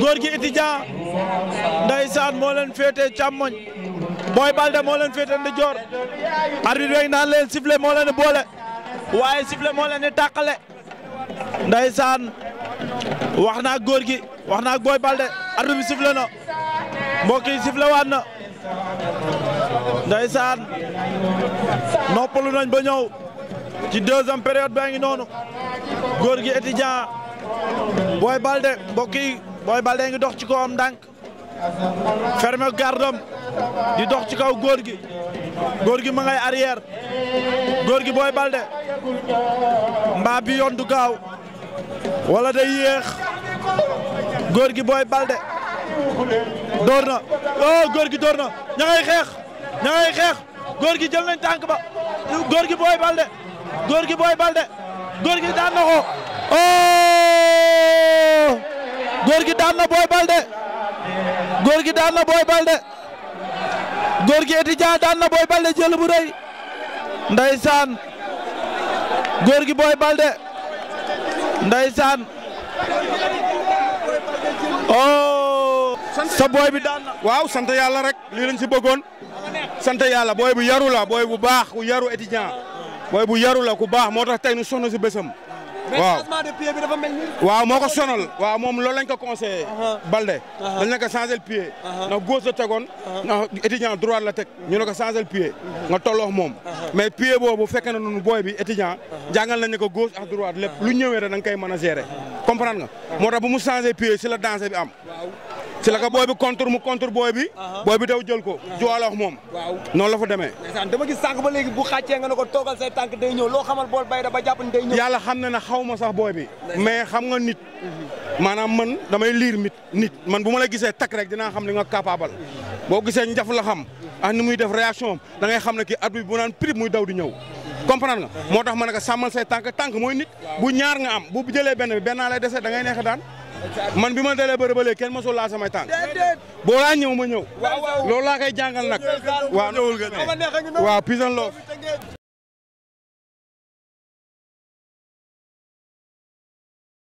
góor gi étudiant ndeysaan moo leen féete càmmoñ Boy Balde moo leen féete ndijoor arbitre bi naan leen sifflet moo leen boole waaye sifflet moo leen tàqale ndeysaan wax naa góor gi wax naa Boy Balde arbitre bi sifflet na mbokk yi sifflet waat na ndeysaan noppalu nañ ba ñëw ci deuxième période baa ngi noonu góor gi étudiant Boy Balde mbokk Boy Baldé ngi dox ci kawam ndànk ferme gardam di dox ci kaw góor gi gi ma ngay arrière góor gi booy Baldé mbaa bi yoon du gaaw wala day yéex góor gi Boy Baldé door na oh góor gi door na ña ngay xeex góor gi jël nañ tànk ba góor gi Boy Baldé góor gi Boy Baldé góor gi daan na góor gi daan na Boy Baldé góor gi daan na Boy Baldé góor gi Étudiant daan na Boy Baldé jël bu rëy góor gi Boy Baldé ndeysaan oh. sa booy bi daan na. waaw sant yàlla rek lii lañ si bëggoon sant yàlla booy bu yaru la booy bu baax ku yaru Étudiant booy bu yarula ku baax moo tax tey nu soxna si bésam. waaw mais changement moo ko sonal waaw moom loolu lañ ko conseillé. Balde dañ ne ko changé le pied. ndax gauche la tegoon. ndax étudiant droit la teg ñu ne ko changé le pied. tolloo moom. mais pied boobu bu fekkee ne noonu booy bi étudiant. jàngal nañ ne ko gauche ak droite lépp lu ñëwee rek da nga koy mën a gérer. comprendre nga. moo tax bu mu changé pied si la dansé bi am. si la ko booy bi contre mu contre booy bi. Uh-huh. booy bi daw jël ko. Uh-huh. waaw moom. waaw noonu la fa demee. dama gis sànq ba léegi bu xaccee nga ne ko toogal say tànk day ñëw loo xamal bool bay da ba jàpp ni day ñëw. yàlla xam na ne xaw ma sax booy bi. mais xam nga nit. Mm-hmm. maanaam man damay liir mit nit man bu ma la gisee takk rek dinaa xam li nga capable. Mm-hmm. boo gisee njaf la xam. an ni muy def réaction am da ngay xam ne kii at bi bu naan prix muy daw di ñëw. comprendre nga moo tax ma ne ko sàmmal say tànk tànk mooy nit bu ñaar nga am bu jëlee benn bi benn lay dese da neex daan man bi ma dalee bëri ba léegi kenn mosul laa samay tànk boo laa ñëw ma ñëw loolu laa koy jàngal nag waaw waaw pisan